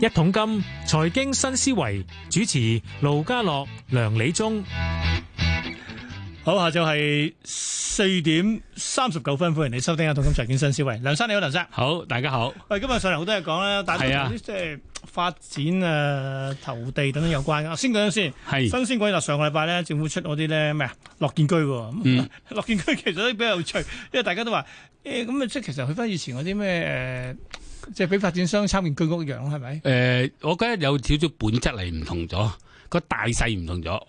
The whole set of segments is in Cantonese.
一桶金財經新思維，主持盧家樂梁理中，好，下晝係四點三十九分，歡迎你收聽一桶金財經新思維。梁生你好，梁生好，大家好。喂，今日上嚟好多嘢講咧，但係即係發展誒、啊、投地等等有關嘅。先講先，是新鮮鬼嗱，上個禮拜咧，政府出嗰啲咧咩啊？樂建居喎，樂、嗯、 建居其實都比較有趣，因為大家都話誒咁啊，即係其實去翻以前啲咩誒。即係俾發展商參與居屋一樣咯，係咪？誒，我覺得有少少本質嚟唔同咗，個大細唔同咗，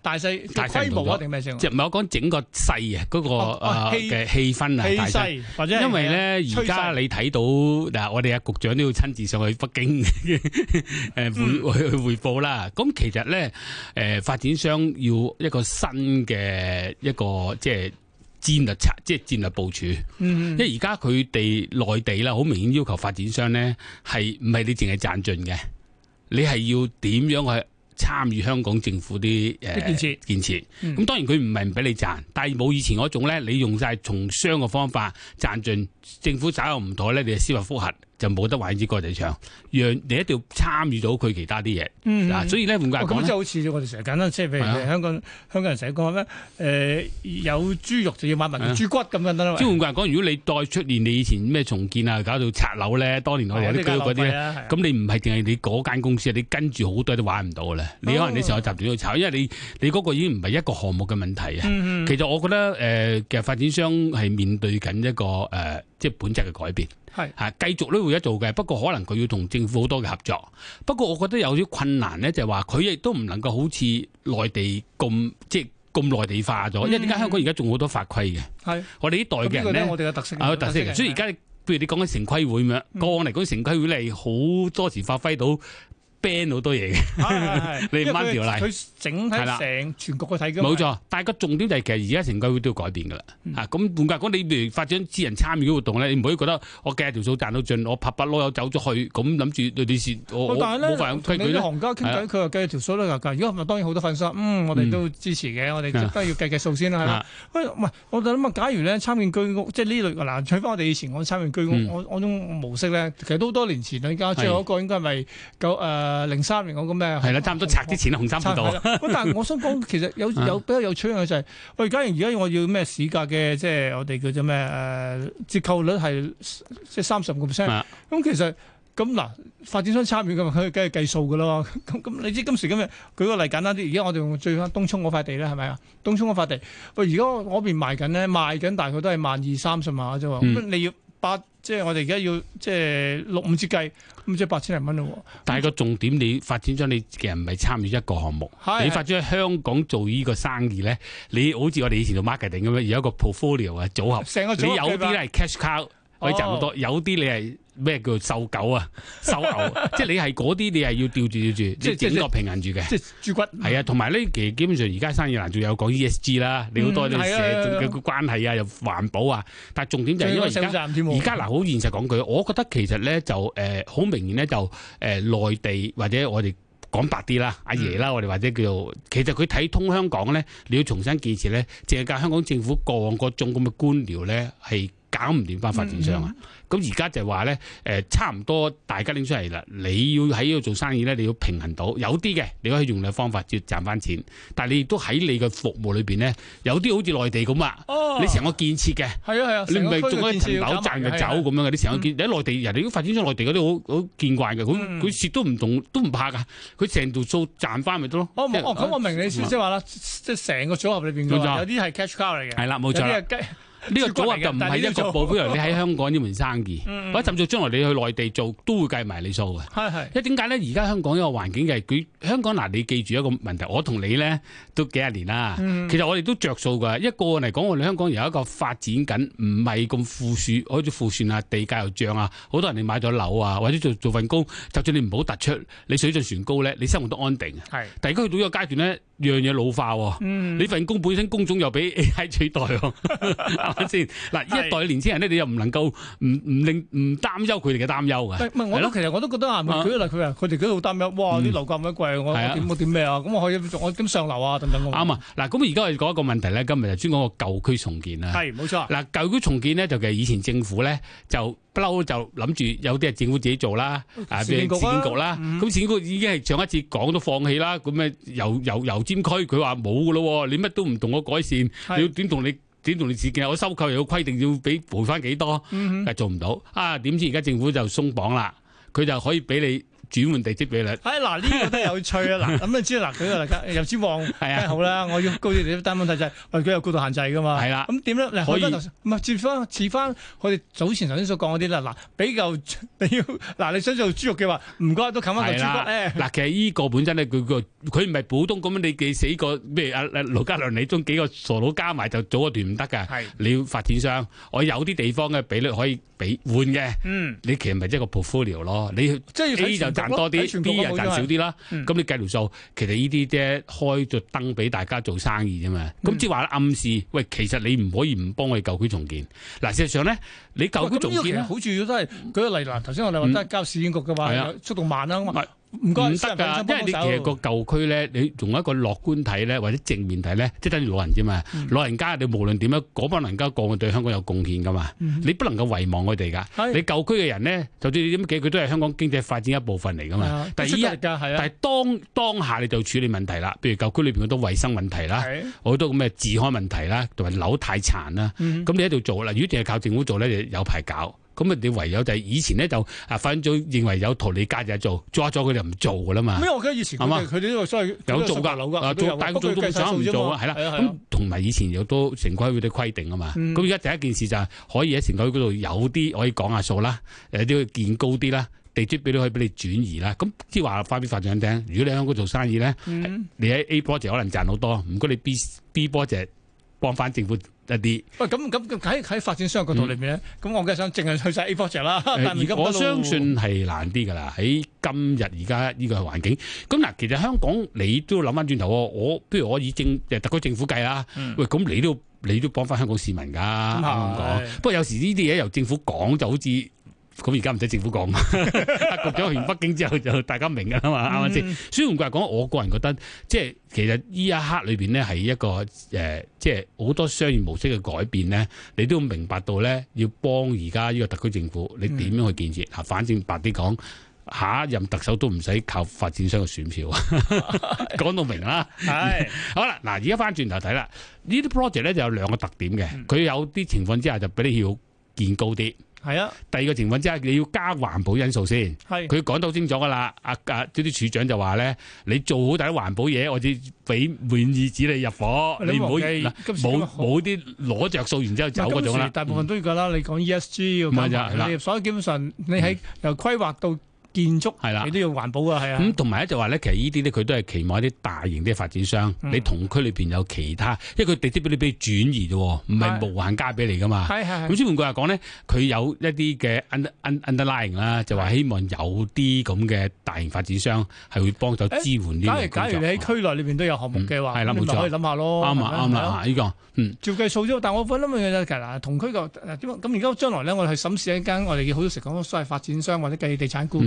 大細大係規模定咩即係唔係我講整個細啊，嗰個嘅氣氛啊，大細，或者因為咧，而家你睇到嗱，我哋阿局長都要親自上去北京誒，會去匯報啦。咁其實咧，誒，發展商要一個新嘅一個即係。戰略策，即係戰略部署。嗯、因為而家佢哋內地啦，好明顯要求發展商咧，係唔係你淨係賺盡嘅？你係要點樣去參與香港政府啲誒、呃、建設設？建設咁，嗯、當然佢唔係唔俾你賺，但係冇以前嗰種咧，你用晒從商嘅方法賺盡，政府稍有唔妥咧，你就司法複核。就冇得玩呢個地場，讓你一定要參與到佢其他啲嘢。嗱，所以咧，換句話講就好似我哋成日簡單，即係譬如香港香港人成日講咩？誒，有豬肉就要買埋豬骨咁樣得啦。即係換句話講，如果你再出現你以前咩重建啊，搞到拆樓咧，多年來好多嗰啲，咁你唔係淨係你嗰間公司，你跟住好多都玩唔到嘅咧。你可能你成日集中去炒，因為你你嗰個已經唔係一個項目嘅問題啊。其實我覺得誒，其實發展商係面對緊一個誒。即係本質嘅改變，係嚇是繼續呢會一做嘅，不過可能佢要同政府好多嘅合作。不過我覺得有啲困難咧，就係話佢亦都唔能夠好似內地咁，即係咁內地化咗。嗯、因為點解香港而家仲好多法規嘅？係是我哋呢代嘅人咧、啊，我哋嘅特色嘅，特色所以而家譬如你講緊城規會咁樣，過往嚟講城規會咧，好多時發揮到。好多嘢嘅，你唔掹條例佢整體成全國去睇嘅，冇錯，但係個重點就係其實而家城規會都要改變嘅啦。嚇咁，換句講，你嚟發展智人參與活動咧，你唔可以覺得我計下條數賺到盡，我拍拍籮柚走咗去，咁諗住對啲事我冇份傾偈咧。係啊，佢又計下條數咧，又如果係咪當然好多粉絲，我哋都支持嘅，我哋都要計計數先啦。係喂，我哋諗啊，假如咧參與居屋，即係呢類嘅嗱，取翻我哋以前講參與居屋，我我種模式咧，其實都多年前，你而家最後一個應該係咪九誒。誒零三年我個咩係啦，差唔多拆啲錢啦，紅衫褲到。不過但係我想講，其實有有，有比較有趣嘅就係、是、我而家而家我要咩市價嘅，即係我哋叫做咩誒折扣率係即係三十個 percent。咁是的、嗯、其實咁嗱，發展商參與咁佢梗係計數嘅啦。咁、嗯、咁你知今時今日舉個例簡單啲，而家我哋用最香東涌嗰塊地咧，係咪啊？東涌嗰塊地喂，而家我嗰邊賣緊咧，賣緊大概都係萬二三十萬啫你要。嗯八即係我哋而家要即係六五折計，咁即係八千零蚊咯。但係個重點，五你發展咗你其實唔係參與一個項目。是你發展喺香港做呢個生意咧，你好似我哋以前做 marketing 咁樣，有一個 portfolio 嘅組合。成個組你有啲咧係 cash cow。多，哦、有啲你係咩叫做瘦狗啊、瘦牛， 即係你係嗰啲，你係要吊住吊住，即係整個平衡住嘅，即係豬骨。係啊，同埋呢期基本上而家生意難，仲有講 ESG 啦，你要、嗯、多啲社嘅個關係啊，又環保啊。但係重點就係因為而家而家嗱，好現，現實講句，我覺得其實咧就誒好明顯咧就誒內地或者我哋講白啲啦，阿爺，爺啦，我哋或者叫做其實佢睇通香港咧，你要重新建設咧，淨係教香港政府過往嗰種咁嘅官僚咧係。搞唔掂翻發展商啊！咁而家就話咧，誒差唔多大家拎出嚟啦。你要喺呢度做生意咧，你要平衡到有啲嘅，你可以用你嘅方法要賺翻錢。但係你亦都喺你嘅服務裏邊咧，有啲好似內地咁啊，你成個建設嘅係啊係啊，你唔係做一層樓賺嘅走咁樣嘅，你成個建喺內地人哋都發展咗內地嗰啲好好見慣嘅，佢佢蝕都唔同都唔怕噶，佢成度數賺翻咪得咯。哦日哦，咁、哦哦、我明你意思，就是嗯、即係話啦，即係成個組合裏邊有啲係 cash cow 嚟嘅，係啦冇錯。呢個組合就唔係一部份，比如你喺香港呢門生意，或者、嗯、甚至將來你去內地做都會計埋你數嘅。係係是，因為點解咧？而家香港一個環境係佢香港嗱，你記住一個問題，我同你咧都幾十年啦。嗯、其實我哋都着數㗎。一個嚟講，我哋香港有一個發展緊，唔係咁富庶，好似富庶啊，地價又漲啊，好多人你買咗樓啊，或者做做份工，就算你唔好突出，你水漲船高咧，你生活都安定。係是，但係如果去到呢個階段咧。樣嘢老化、哦，嗯、你份工本身工種又俾 AI 取代、哦，係咪先？嗱，呢一代年輕人咧，你又唔能夠唔唔令唔擔憂佢哋嘅擔憂嘅。係咯、嗯，其實我都吧覺得啊，佢嗱佢啊，佢哋都好擔憂，哇！啲樓價咁鬼貴，嗯、我點我點咩啊？咁我，我可以我點上樓啊？等等，啱啊！嗱，咁而家我講一個問題咧，今日就專講個舊區重建啊。係，冇錯。嗱，舊區重建咧，就其實以前政府咧就。不嬲就諗住有啲係政府自己做啦，譬如市建局啦、啊。咁市建局已經係上一次講都放棄啦。咁咩油油油，油尖區，佢話冇㗎咯，你乜都唔同我改善，是你要點同你點同你市建？我收購又要規定要俾賠翻幾多，但係、嗯嗯、做唔到。啊，點知而家政府就鬆綁啦，佢就可以俾你。轉換地積比率，哎嗱，呢個都係有趣啊！嗱， 咁你知啦，佢又又指望，係啊，好啦，是啊、我要告知你單問題就係，喂，佢有高度限制噶嘛，係啦是、啊，咁點咧？可以唔係接翻？轉翻我哋早前頭先所講嗰啲啦，嗱，比較你要嗱，你想做豬肉嘅話，唔該都冚翻個豬骨嗱，其實呢個本身咧，佢個佢唔係普通咁樣，你嘅死、這個咩啊？例如盧嘉良、你忠幾個傻佬加埋就組個團唔得㗎，係你要發展商，我有啲地方嘅比率可以俾換嘅，嗯，你其實咪即係個 portfolio 咯，嗯、你即係 A 就。賺多啲，B 賺少啲啦。咁、嗯、你計條數，其實呢啲啫開咗燈俾大家做生意啫嘛。咁即係話暗示，喂，其實你唔可以唔幫我哋舊區重建。嗱，事實上咧，你舊區重建咧，好重要都係舉個例啦。頭先、嗯、我哋話都係交市建局嘅話，嗯、的速度慢啊嘛。唔得噶，因為你其實個舊區咧，你用一個樂觀睇咧，或者正面睇咧，即、就、係、是、等於老人啫嘛。嗯、老人家你無論點樣，嗰班人家個個對香港有貢獻噶嘛。嗯、哼你不能夠遺忘佢哋噶。的你舊區嘅人咧，就算你點幾，佢都係香港經濟發展一部分嚟噶嘛。第一，但係這當當下你就處理問題啦。譬如舊區裏邊好多衛生問題啦，好的多咁嘅治安問題啦，同埋樓太殘啦，咁你喺度做啦。如果淨係靠政府做咧，就有排搞。咁啊！你唯有就係以前咧就啊，發展組認為有土地價值做，抓咗佢就唔做噶啦嘛。因為我記得以前佢哋佢哋呢個所謂有做噶，做的有噶。啊，但係都都想唔做，係啦。咁同埋以前有都城規會都規定啊嘛。咁而家第一件事就係可以喺城規嗰度有啲可以講下數啦，誒啲建高啲啦，地積比率可以俾你轉移啦。咁即係話翻俾發展組聽，如果你喺香港做生意咧，嗯、你喺 A 波就可能賺好多，唔該你 B B 波就。幫翻政府一啲，喂咁咁喺喺發展商角度裏面咧，咁、嗯、我梗家係想淨係去晒 A project 啦。我相信係難啲噶啦，喺今日而家呢個環境。咁嗱，其實香港你都諗翻轉頭，我不如我以政誒特區政府計啦。喂，咁你都你都幫翻香港市民噶。不過有時呢啲嘢由政府講就好似。咁而家唔使政府講嘛、啊，局長完北京之後就大家明噶啦嘛，啱唔啱先？雖然話講，我個人覺得，即係其實依一刻裏邊呢，係一個誒、呃，即係好多商業模式嘅改變咧，你都明白到咧，要幫而家呢個特區政府，你點樣去建設？嗱，嗯、反正白啲講，下一任特首都唔使靠發展商嘅選票啊，講到明啦。係好啦，嗱，而家翻轉頭睇啦，呢啲 project 咧就有兩個特點嘅，佢有啲情況之下就畀你要建高啲。係啊，第二個情況之下你要加環保因素先。係的，佢講到清楚㗎啦。阿阿呢啲處長就話咧，你做好第一環保嘢，我先俾滿意紙你入伙。你唔無好嗱，冇冇啲攞着數，然之後走嗰種啦。大部分都覺得、嗯、要噶啦，你講 ESG 咁要。所以基本上你喺由規劃到。建築係啦，你都要環保噶係啊。咁同埋咧就話咧，其實呢啲咧佢都係期望一啲大型啲發展商，你同區裏邊有其他，因為佢地積俾你俾轉移啫，唔係無限加俾你噶嘛。咁相反句話講咧，佢有一啲嘅 underlining 啦，就話希望有啲咁嘅大型發展商係會幫手支援呢個。假如你喺區內裏邊都有項目計劃，係啦，咁就可以諗下咯。啱啊啱啊，依個照計數咗，但我覺得咪嘅其實同區個點樣咁？而家將來咧，我哋去審視一間我哋好多時講所謂發展商或者計地產股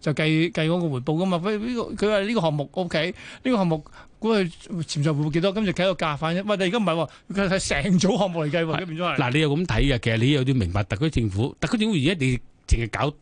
就計計嗰個回報㗎嘛？譬如呢個佢話呢個項目 O K，呢個項目估佢潛在回報幾多？咁就睇個價反啫。喂，但係而家唔係喎，佢係睇成組項目嚟計喎，變咗係。嗱，你又咁睇嘅，其實你有啲明白特區政府。特區政府而家你淨係搞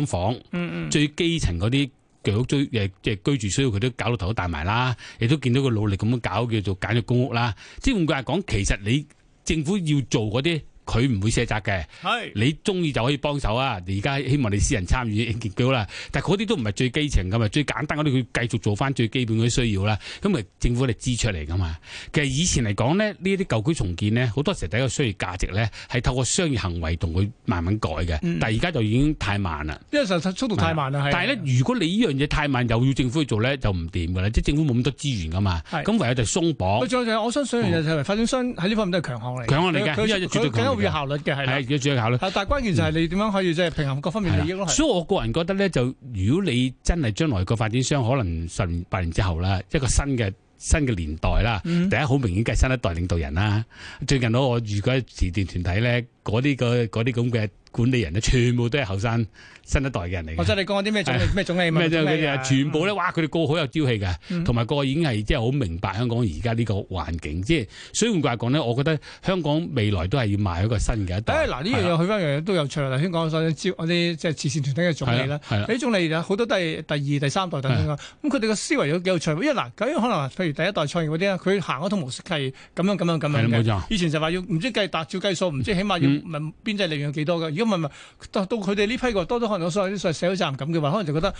劏房，最基層嗰啲腳最誒即係居住需要，佢都搞到頭都大埋啦。亦都見到佢努力咁樣搞叫做簡約公屋啦。即係換句話講，其實你政府要做嗰啲。佢唔會卸責嘅，是你中意就可以幫手啊！而家希望你私人參與建橋啦，Gör，但係嗰啲都唔係最基情㗎嘛，最簡單嗰啲佢繼續做翻最基本嘅需要啦。咁啊，政府嚟支出嚟㗎嘛。其實以前嚟講呢，呢啲舊區重建呢，好多時第一個商業價值呢，係透過商業行為同佢慢慢改嘅，但係而家就已經太慢啦，因為實質速度太慢啦。吧但係咧，的如果你呢樣嘢太慢，又要政府去做呢，就唔掂㗎啦。即政府冇咁多資源㗎嘛，咁唯有就鬆綁。佢仲的有就係、嗯、我相信嘅嘢就係發展商喺呢方面都係強項嚟，強項嚟嘅，因它 效率嘅，係啦，要主要效率。但係關鍵就係你點樣可以即係平衡各方面利益咯。所以我個人覺得咧，就如果你真係將來個發展商可能十年、八年之後啦，一個新嘅新嘅年代啦，第一好明顯係新一代領導人啦。嗯、最近我我如果啲時段團體咧，嗰啲個啲咁嘅管理人咧，全部都係後生。新一代嘅人嚟嘅。我真係講嗰啲咩總咩總理。咩啫佢全部咧，哇！佢哋個好有朝氣嘅，同埋個已經係即係好明白香港而家呢個環境。即係所以換句話講呢，我覺得香港未來都係要買一個新嘅一代。嗱，呢樣嘢去翻，樣嘢都有趣頭香港咗招，嗰啲即係慈善團體嘅總理啦。係。啲總理好多都係第二、第三代等等咁佢哋嘅思維有幾有趣？因為嗱，咁可能譬如第一代創業嗰啲佢行嗰套模式係咁樣、咁樣、咁樣以前就話要唔知計達照計數，唔知起碼要問邊際利潤有幾多㗎？如果問到佢哋呢批嘅多都可能。我所以所以社會責任咁嘅話，可能就覺得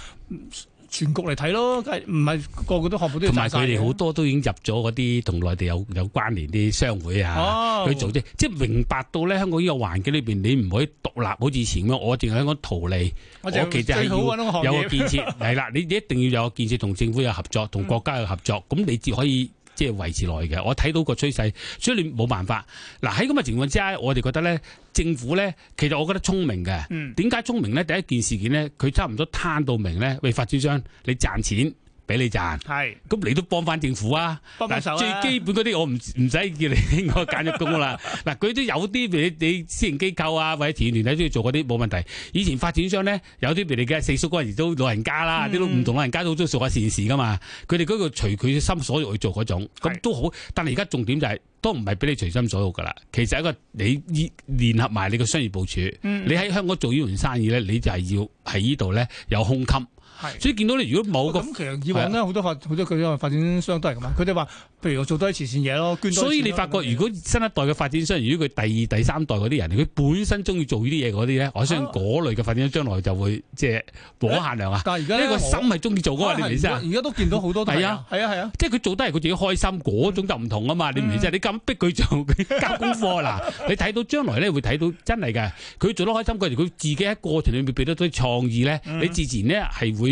全局嚟睇咯，唔係個個都學到，都同埋佢哋好多都已經入咗嗰啲同內地有有關聯啲商會啊，啊去組織即係明白到咧香港呢個環境裏邊，你唔可以獨立好似以前咁，我淨係香港圖利，我，就我其實係有個建設係啦， 你一定要有個建設同政府有合作，同國家有合作，咁、嗯、你至可以。即係維持落嚟嘅，我睇到個趨勢，所以你冇辦法。嗱，喺咁嘅情況之下，我哋覺得咧，政府咧其實我覺得聰明嘅。點解、嗯、聰明咧？第一件事件咧，佢差唔多攤到明咧，喂，發展商，你賺錢。俾你賺，係咁是你都幫翻政府啊！嗱、幫手啊，最基本嗰啲我唔唔使叫你我揀咗工啦。嗱，佢都有啲你你私人機構啊，或者慈善團體都要做嗰啲，冇問題。以前發展商咧有啲譬如你嘅四叔嗰陣時都老人家啦，啲都唔同老人家都好中意做下善事噶嘛。佢哋嗰個隨佢心所欲去做嗰種咁都好，但係而家重點就係，是，都唔係俾你隨心所欲噶啦。其實一個你依聯合埋你個商業部署，嗯、你喺香港做呢樣生意咧，你就係要喺呢度咧有胸襟。所以見到你如果冇咁其實以往咧，好多發好多嗰啲發展商都係咁啊。佢哋話，譬如我做多啲慈善嘢咯，捐多啲。所以你發覺，如果新一代嘅發展商，如果佢第二、第三代嗰啲人，佢本身中意做呢啲嘢嗰啲咧，我相信嗰類嘅發展商將來就會即係無限量啊！但而家呢個心係中意做嘅，你唔意識。而家都見到好多係啊，係啊，係啊，即係佢做得係佢自己開心，嗰種就唔同啊嘛。你唔識？你咁逼佢做交功課嗱，你睇到將來咧會睇到真係嘅，佢做得開心，佢哋佢自己喺過程裏面俾得多啲創意咧，你自然呢係會。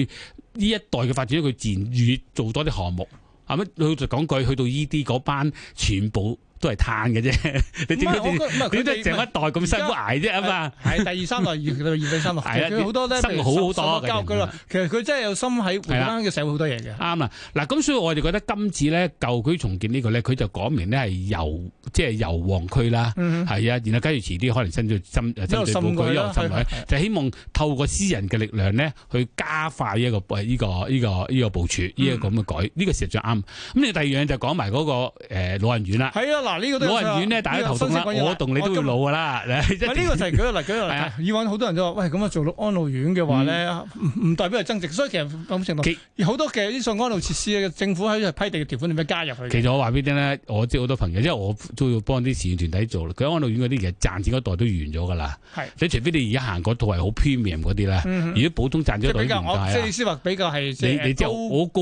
呢一代嘅發展，佢自然做多啲項目，係咪？老實講句，去到依啲嗰班，全部。都係嘆嘅啫，你點都點都係剩一代咁辛苦捱啫啊嘛！係第二三代，二、三代，好多咧，生活好好多。教佢咯，其實佢真係有心喺。係啦。嘅社會好多嘢嘅。啱啦，嗱咁，所以我哋覺得今次咧舊區重建呢個咧，佢就講明咧係由即係由旺區啦，係啊，然後跟住遲啲可能針對針針對區新落，就希望透過私人嘅力量咧去加快一個依個依個依個部署，呢一個咁嘅改呢個事實上啱。咁你第二樣就講埋嗰個誒老人院啦。嗱呢、啊呢個老人院呢，大家頭先我同你都要老㗎啦。呢、啊呢個題目嚟，舉個例子嚟睇。以往好多人就話，喂，咁啊做到安老院嘅話咧，唔代表係增值。所以其實諗程好多嘅實啲信安老設施咧，政府喺批地嘅條款裏邊加入去。其實我話俾你聽咧，我知好多朋友，因為我都要幫啲慈善團體做。佢安老院嗰啲其實賺錢嗰代都完咗㗎啦。所以除非你而家行嗰套係好 Premium 嗰啲咧，如果普通賺咗都唔大啊。即係比較，即係意思話比較係高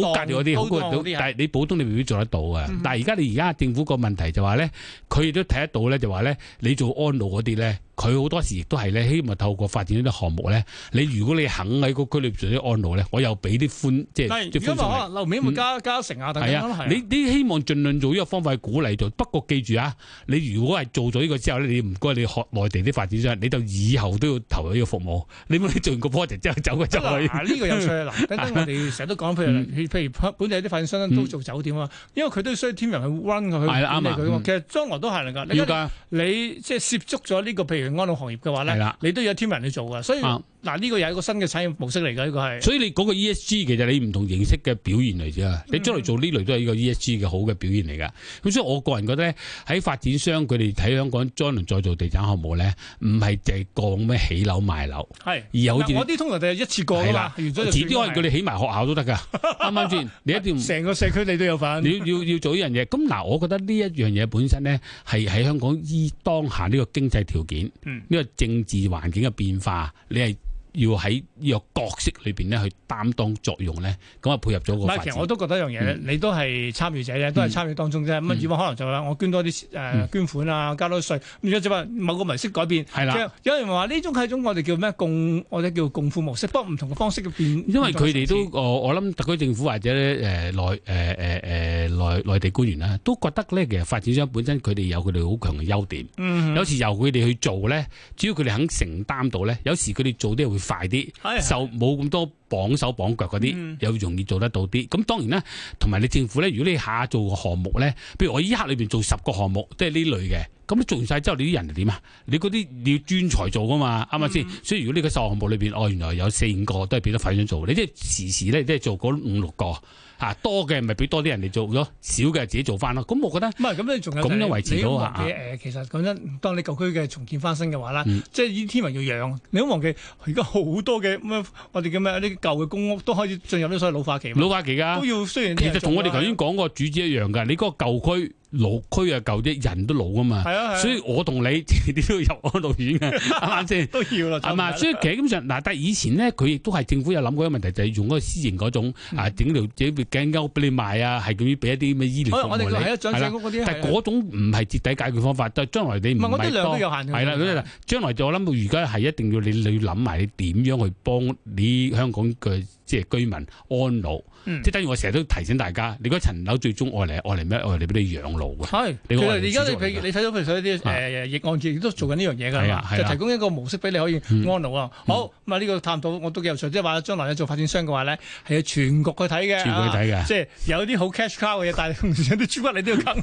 高價調嗰啲，但係你普通你未必做得到啊。但係而家你而家政府個問題就話。咧，佢亦都睇得到咧，就話咧，你做安老嗰啲咧。佢好多時亦都係咧，希望透過發展呢啲項目咧，你如果你肯喺個區裏邊做啲安老咧，我又俾啲寬，即係如果話樓面咪加加成啊，等等你希望儘量做呢個方法鼓勵做，不過記住啊，你如果係做咗呢個之後咧，你唔該你學內地啲發展商，你就以後都要投入呢個服務。你唔好做完個 project 之後走㗎走啦。呢個有趣啊！嗱，等等我哋成日都講，譬如譬如本地啲發展商都做酒店啊，因為佢都需要天人去 run 佢，管理佢，其實將來都係㗎，你即係涉足咗呢個譬如。安老行業嘅話咧，係啦，你都有 team 人去做噶，所以。啊嗱呢個又係一個新嘅產業模式嚟㗎，呢個係。所以你嗰個 E S G 其實你唔同形式嘅表現嚟啫，你將來做呢類都係呢個 E S G 嘅好嘅表現嚟㗎。咁所以我個人覺得咧，喺發展商佢哋睇香港將來再做地產項目咧，唔係淨係講咩起樓賣樓，係是而有。啲通常就係一次過㗎啦，遲啲可能叫你起埋學校都得㗎，啱唔啱先？你一定成 個社區你都有份。你要要，要做呢樣嘢，咁嗱，我覺得呢一樣嘢本身咧，係喺香港依當下呢個經濟條件，呢、嗯、個政治環境嘅變化，你係。要喺呢個角色裏邊咧去擔當作用呢，咁啊配合咗個。其實我都覺得一樣嘢、嗯、你都係參與者都係參與當中啫。咁啊、嗯，以往可能就話我捐多啲誒、呃嗯、捐款啊，交多稅。咁有隻話某個模式改變，係的有人話呢種係一種我哋叫咩共，或者叫共富模式，不過唔同嘅方式嘅變。因為佢哋都事我我諗特區政府或者咧誒內誒誒誒內地官員啦、啊，都覺得呢其實發展商本身佢哋有佢哋好強嘅優點。嗯、哼有時由佢哋去做呢，只要佢哋肯承擔到呢，有時佢哋做啲嘢快啲，就冇咁多綁手綁腳嗰啲，嗯、又容易做得到啲。咁當然啦，同埋你政府咧，如果你下做個項目咧，譬如我依刻裏邊做十個項目，即係呢類嘅，咁你做完晒之後你，你啲人係點啊？你嗰啲要專才做噶嘛，啱唔啱先？所以如果你個十個項目裏邊，哦，原來有四五個都係變得快啲做，你即係時時咧即係做嗰五六個。啊，多嘅咪俾多啲人嚟做咯，少嘅自己做翻咯。咁我覺得唔係，咁你仲有咁、就、都、是、維持到啊？誒，其實講真，當你舊區嘅重建翻新嘅話啦，嗯、即係依天文要養。你好忘記，而家好多嘅咩，我哋叫咩？啲舊嘅公屋都開始進入啲所謂老化期，老化期噶、啊、都要。雖然其實同我哋頭先講個主旨一樣嘅，你嗰個舊區。老區啊舊啲人都老啊嘛，啊所以我同你你都要入安老院嘅，係嘛先都要啦，係嘛，嗯、所以其實基本上嗱，但係以前咧，佢亦都係政府有諗過一個問題，就係、是、用嗰個私營嗰種啊，整條整條鏡鈎俾你賣要你、嗯、啊，係咁樣俾一啲咩醫療服務你。我哋係啊，長鏡嗰啲，但係嗰種唔係徹底解決方法，的但係將來你唔係我覺兩個有限。係啦，將來就我諗到，而家係一定要你你諗埋你點樣去幫你香港嘅。即係居民安老，即係等於我成日都提醒大家，你嗰層樓最終愛嚟，愛嚟咩？愛嚟俾你養老嘅。係。其實而家你譬如你睇到譬如啲誒逆案業都做緊呢樣嘢㗎啦，就提供一個模式俾你可以安老啊。好，咁啊呢個探討我都幾有趣，即係話將來你做發展商嘅話咧，係要全國去睇嘅。全國去睇嘅。即係有啲好 cash cow 嘅嘢，但係有啲豬骨你都要啃。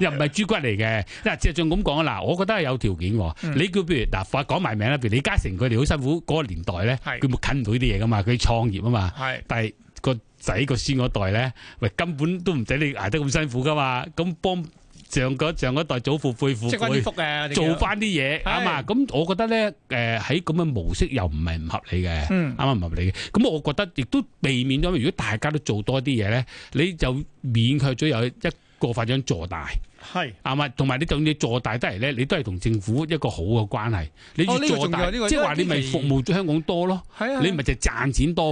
又唔係豬骨嚟嘅。即係仲咁講嗱，我覺得係有條件。你叫譬如嗱，講埋名啦，譬如李嘉誠佢哋好辛苦嗰個年代咧，佢冇啃到呢啲嘢㗎嘛，佢創業。啊嘛，係，但係個仔個孫嗰代咧，喂根本都唔使你捱得咁辛苦噶嘛，咁幫上上一代祖父輩父做翻啲嘢啊嘛，咁我覺得咧，誒喺咁嘅模式又唔係唔合理嘅，啱唔合理嘅，咁我覺得亦都避免咗，如果大家都做多啲嘢咧，你就勉強咗有一個發展做大。係，啊嘛是，同埋你對住做大得嚟咧，你都係同政府一個好嘅關係。你要做大，即係話你咪服務香港多咯。的你咪就賺錢多。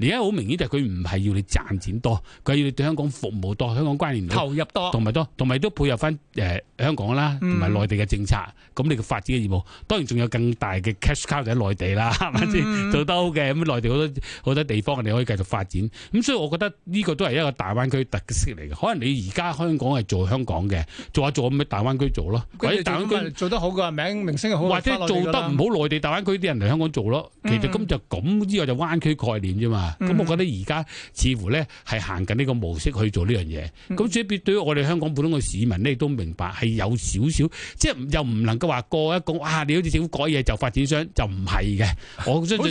而家好明顯就係佢唔係要你賺錢多，佢要你對香港服務多，香港關聯投入多，同埋多，同埋都配合翻誒香港啦，同埋內地嘅政策。咁、嗯、你嘅發展嘅業務，當然仲有更大嘅 cash cow 喺內地啦，係咪先做得好嘅？咁內地好多好多地方，你可以繼續發展。咁所以我覺得呢個都係一個大灣區特色嚟嘅。可能你而家香港係做香港嘅。做下做咁咪大灣區做咯，喺大灣區做得好嘅，名名聲又好，或者做得唔好內地大灣區啲人嚟香港做咯，其實咁就咁之外就灣區概念啫嘛。咁我覺得而家似乎咧係行緊呢個模式去做呢樣嘢。咁所以對於我哋香港普通嘅市民咧，都明白係有少少，即係又唔能夠話過一講啊！你好似政府改嘢就發展商就唔係嘅，我 好似唔係，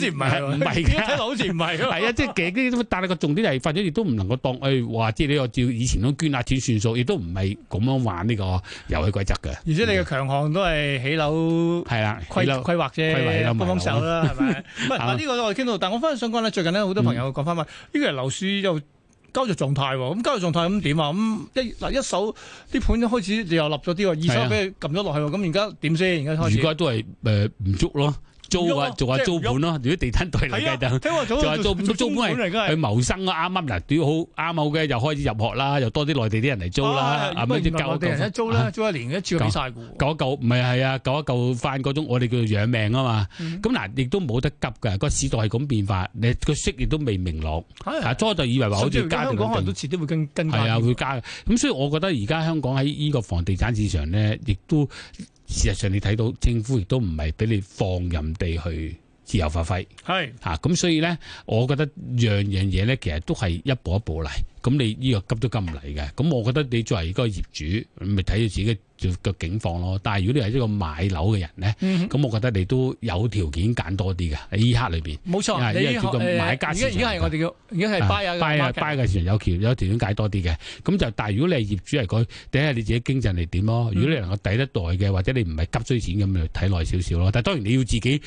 唔係好似唔係係啊，即係但係個重點係發展亦都唔能夠當誒話即係你又照以前咁捐下錢算數，亦都唔係咁樣。玩呢個遊戲規則嘅，而且你嘅強項都係起樓，係啦的，規規劃啫，幫手啦，係咪？ 唔呢個我哋傾到， 但我翻去相關咧，最近咧好多朋友講翻話，呢個、嗯、樓市又交易狀態喎，咁交易狀態咁點啊？咁一嗱一手啲盤開始你又立咗啲喎，二手俾佢撳咗落去喎，咁而家點先？而家開始，而家都係誒唔足咯。租啊，做下租盤咯。如果地產代理嚟嘅，就，做下租租盤嚟，佢謀生啊。啱啱嗱，屌，好啱好嘅又開始入學啦，又多啲內地啲人嚟租啦。內地人一租啦，租一年一住，俾曬嘅。夠一夠，唔係係啊，夠一夠翻嗰種我哋叫做養命啊嘛。咁嗱，亦都冇得急㗎。個市道係咁變化，你個息亦都未明朗。初就以為話好似加定。香港我都遲啲會跟跟翻。係啊，會加。咁所以我覺得而家香港喺依個房地產市場咧，亦都。事實上你睇到政府亦都唔係俾你放任地去自由發揮，係嚇咁，啊、所以咧，我覺得樣樣嘢咧，其實都係一步一步嚟，咁你呢個急都急唔嚟嘅，咁我覺得你作為一個業主，咪睇到自己。個境況咯，但係如果你係一個買樓嘅人咧，咁、嗯、我覺得你都有條件揀多啲嘅，喺依刻裏邊。冇錯，你係叫做買家嘅市場。而家而家係我哋叫，而家係有條有條件揀多啲嘅。咁就、嗯、但係如果你係業主嚟講，第一你自己經濟嚟點咯？嗯、如果你能夠抵得代嘅，或者你唔係急需錢咁，就睇耐少少咯。但係當然你要自己。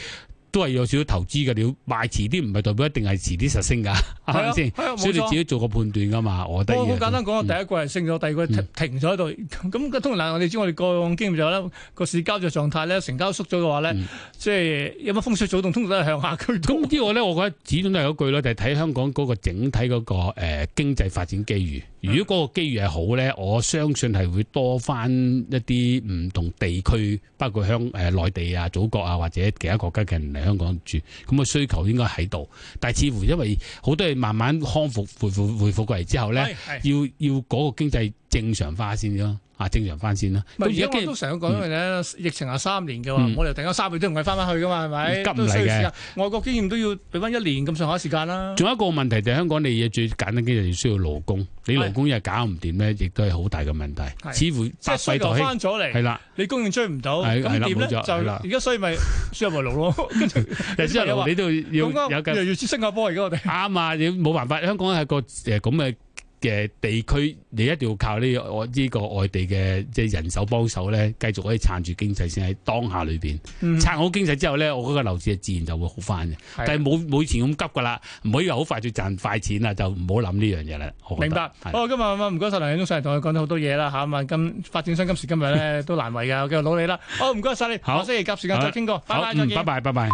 都係有少少投資嘅，你要買遲啲，唔係代表一定係遲啲實升噶係咪先？吧啊、所以你自己做個判斷噶嘛。我覺得，我好簡單講，第一個係升咗，嗯、第二個停咗喺度。咁、嗯嗯、通常我哋知我哋個經驗就咧、是、個市交作狀態咧，成交縮咗嘅話咧，即係、嗯就是、有乜風吹草動，通常都係向下。咁之我咧，我覺得始終都係嗰句咯，就係、是、睇香港嗰個整體嗰個誒經濟發展機遇。如果嗰個機遇係好呢，我相信係會多翻一啲唔同地區，包括香誒內地啊、祖國啊或者其他國家嘅人嚟香港住，咁個需求應該喺度。但係似乎因為好多嘢慢慢康復恢復恢復過嚟之後呢，要要嗰個經濟正常化先咯。正常翻先啦。咁而家我都成日講疫情下三年嘅話，我哋突然間三年都唔會翻翻去嘅嘛，係咪？急唔嚟嘅。外國經驗都要俾翻一年咁上下時間啦。仲有一個問題就係香港，你嘢最簡單嘅嘢要需要勞工，你勞工又搞唔掂咧，亦都係好大嘅問題。似乎即係需求翻咗嚟，係啦，你供應追唔到，咁啦，而家所以咪輸入外勞咯。跟住之後你都要又又要新加坡而家我哋啱啊，冇辦法，香港係個咁嘅。嘅地區，你一定要靠呢個外呢個外地嘅即係人手幫手咧，繼續可以撐住經濟先喺當下裏邊，嗯、撐好經濟之後咧，我覺得樓市自然就會好翻嘅。的但係冇冇以前咁急噶啦，唔可以又好快就賺快錢啊，就唔好諗呢樣嘢啦。明白。好是、哦，今日咁啊，唔該晒梁理中上嚟同佢講咗好多嘢啦嚇，咁發展商今時，嗯、今日咧都難為㗎，繼續努力啦。好，唔該晒你。好，嗯，星期夾時間再傾過。好，嗯嗯嗯嗯嗯，拜拜，再